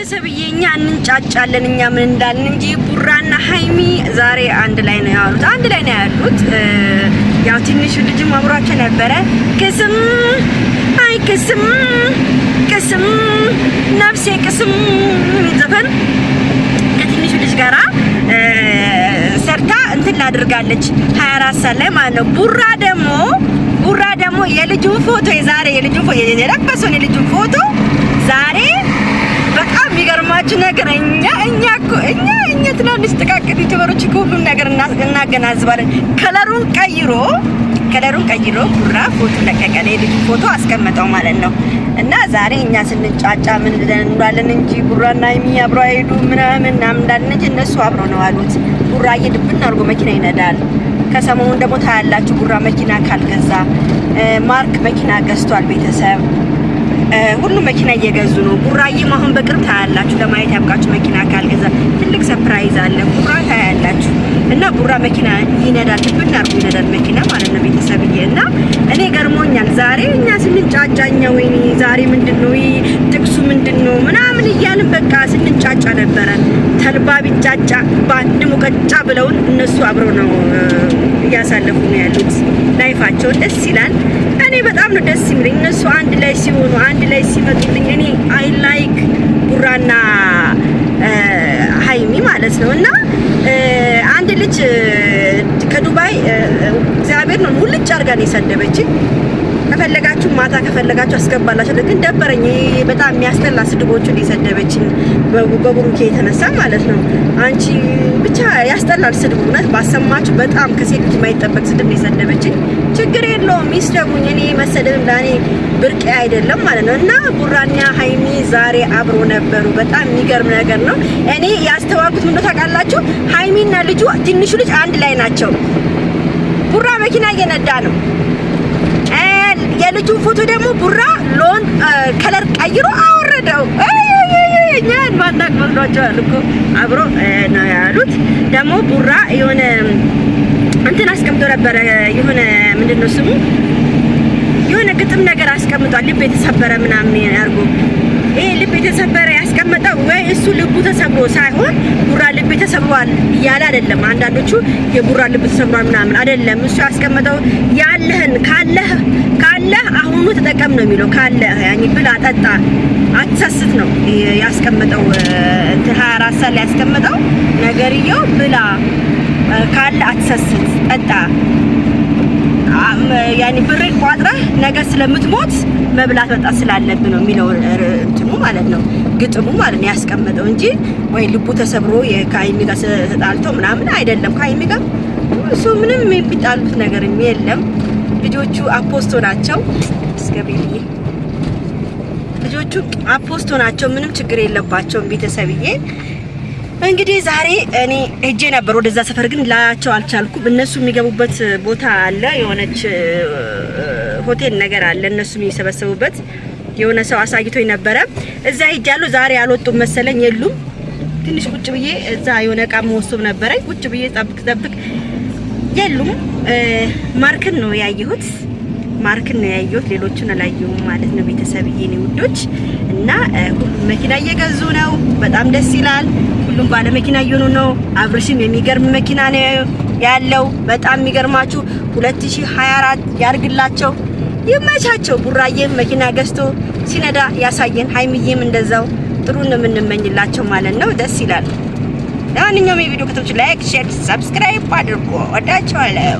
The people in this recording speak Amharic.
ቤተሰብዬ እኛ እንንጫጫለን እኛ ምን እንዳልን እንጂ ቡራና ሀይሚ ዛሬ አንድ ላይ ነው ያሉት፣ አንድ ላይ ነው ያሉት። ያው ትንሹ ልጅም አብሯቸው ነበረ። ቅስም አይ ቅስም ቅስም ነፍሴ ቅስም ዘፈን ከትንሹ ልጅ ጋራ ሰርታ እንትን ላድርጋለች 24 ሰዓት ላይ ማለት ነው። ቡራ ደግሞ ቡራ ደግሞ የልጁ ፎቶ የዛሬ የልጁ ፎቶ የለበሰውን የልጁ ፎቶ ትንሽ ነገር እኛ እኛ እኮ እኛ እኛ ትናንሽ ጥቃቅን ዩቲዩበሮች ከሁሉም ነገር እናገናዝባለን። ከለሩን ቀይሮ ከለሩን ቀይሮ ኩራ ፎቶ ለቀቀ፣ የልጁ ፎቶ አስቀምጠው ማለት ነው። እና ዛሬ እኛ ስንጫጫ ምን እንዳለን እንጂ ጉራና የሚያብሩ አይሄዱ ምናምን ምናምን እንዳለን እንጂ እነሱ አብሮ ነው አሉት። ጉራ እየድብን አድርጎ መኪና ይነዳል። ከሰሞኑን ደግሞ ታያላችሁ፣ ጉራ መኪና ካልገዛ ማርክ መኪና ገዝቷል ቤተሰብ ሁሉ መኪና እየገዙ ነው። ቡራዬም አሁን በቅርብ ታያላችሁ። ለማየት ያብቃችሁ። መኪና ካልገዛ ትልቅ ሰፕራይዝ አለ። ቡራ ታያላችሁ። እና ቡራ መኪና ይነዳል፣ ትብን አርጎ ይነዳል መኪና ማለት ነው። ቤተሰብዬ እና እኔ ገርሞኛል ዛሬ እኛ ስንጫጫኛ፣ ወይኔ ዛሬ ምንድን ነው ጥቅሱ ምንድን ነው ምናምን እያልን በቃ ስንጫጫ ነበረ። ተልባ ቢንጫጫ በአንድ ሙቀጫ ብለውን እነሱ አብረው ነው እያሳለፉ ነው ያሉት። ላይፋቸውን ደስ ይላል። እኔ በጣም ነው ደስ የሚለኝ እነሱ አንድ ላይ ሲሆኑ አንድ ላይ ሲመጡልኝ። እኔ አይ ላይክ ቡራና ሀይሚ ማለት ነው። እና አንድ ልጅ ከዱባይ እግዚአብሔር ነው ሙልጭ አድርጋ ነው የሰደበችኝ። ከፈለጋችሁ ማታ ከፈለጋችሁ አስገባላችሁ። ግን ደበረኝ። በጣም የሚያስጠላ ስድቦቹን የሰደበችኝ በብሩኬ የተነሳ ማለት ነው። አንቺ ብቻ ያስጠላል ስድብ። እውነት ባሰማችሁ በጣም ከሴት ልጅ የማይጠበቅ ስድብ የሰደበችኝ። ችግር የለውም ይስደቡኝ፣ እኔ መሰደብም ለእኔ ብርቄ አይደለም ማለት ነው። እና ቡራና ሀይሚ ዛሬ አብሮ ነበሩ። በጣም የሚገርም ነገር ነው። እኔ ያስተዋልኩት ምንድነው ታውቃላችሁ? ሀይሚና ልጁ ትንሹ ልጅ አንድ ላይ ናቸው። ቡራ መኪና እየነዳ ነው የልጁ ፎቶ ደግሞ ቡራ ሎን ከለር ቀይሮ አወረደው። እኛን ባንዳክ መስሏቸዋል እኮ አብሮ ነው ያሉት። ደግሞ ቡራ የሆነ እንትን አስቀምጦ ነበረ የሆነ ምንድን ነው ስሙ የሆነ ግጥም ነገር አስቀምጧል። ልብ የተሰበረ ምናምን ያርጎ ይሄ ልብ የተሰበረ ያስቀመጠው ወይ እሱ ልቡ ተሰብሮ ሳይሆን ቡራ ልብ ተሰብሯል እያለ አይደለም። አንዳንዶቹ የቡራ ልብ ተሰብሯል ምናምን አይደለም። እሱ ያስቀመጠው ያለህን ካለህ ካለህ ደግሞ ተጠቀም ነው የሚለው ካለ ያኔ ብላ ጠጣ አትሰስት ነው ያስቀመጠው። 24 ሰዓት ላይ ያስቀመጠው ነገርየው ብላ ካለ አትሰስት፣ ጠጣ ያኔ ብር ቋጥረህ ነገ ስለምትሞት መብላት መጣት ስላለብ ነው የሚለው እንትኑ ማለት ነው ግጥሙ ማለት ነው ያስቀመጠው እንጂ ወይ ልቡ ተሰብሮ ከሀይሚ ጋር ተጣልተው ምናምን አይደለም። ከሀይሚ ጋር እሱ ምንም የሚጣሉት ነገር የለም። ልጆቹ አፖስቶ ናቸው። እስከቤልዬ ልጆቹ አፖስቶ ናቸው። ምንም ችግር የለባቸውም። ቤተሰብዬ እንግዲህ ዛሬ እኔ እጄ ነበር ወደዛ ሰፈር፣ ግን ላያቸው አልቻልኩም። እነሱ የሚገቡበት ቦታ አለ፣ የሆነች ሆቴል ነገር አለ፣ እነሱ የሚሰበሰቡበት የሆነ ሰው አሳይቶኝ ነበረ። እዛ ሄጃለሁ። ዛሬ አልወጡም መሰለኝ፣ የሉም። ትንሽ ቁጭ ብዬ እዛ የሆነ እቃ መወሰብ ነበረኝ። ቁጭ ብዬ ጠብቅ ጠብቅ የሉም። ማርክን ነው ያየሁት፣ ማርክን ነው ያየሁት። ሌሎቹን አላየሁም ማለት ነው። ቤተሰብዬ፣ የኔ ውዶች እና ሁሉም መኪና እየገዙ ነው። በጣም ደስ ይላል። ሁሉም ባለ መኪና እየሆኑ ነው። አብርሽም የሚገርም መኪና ነው ያለው። በጣም የሚገርማችሁ 2024 ያርግላቸው፣ ይመቻቸው። ቡራዬም መኪና ገዝቶ ሲነዳ ያሳየን። ሀይሚዬም እንደዛው ጥሩ ነው የምንመኝላቸው ማለት ነው። ደስ ይላል። ለማንኛውም የቪዲዮ ከተመቻችሁ ላይክ፣ ሼር፣ ሰብስክራይብ አድርጎ ወዳቸዋለሁ።